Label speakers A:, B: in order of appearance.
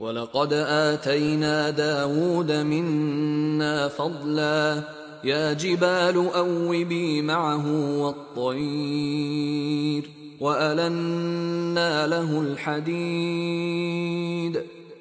A: ولقد آتينا داود منا فضلا يا جبال أوبي معه والطير وألنا له الحديد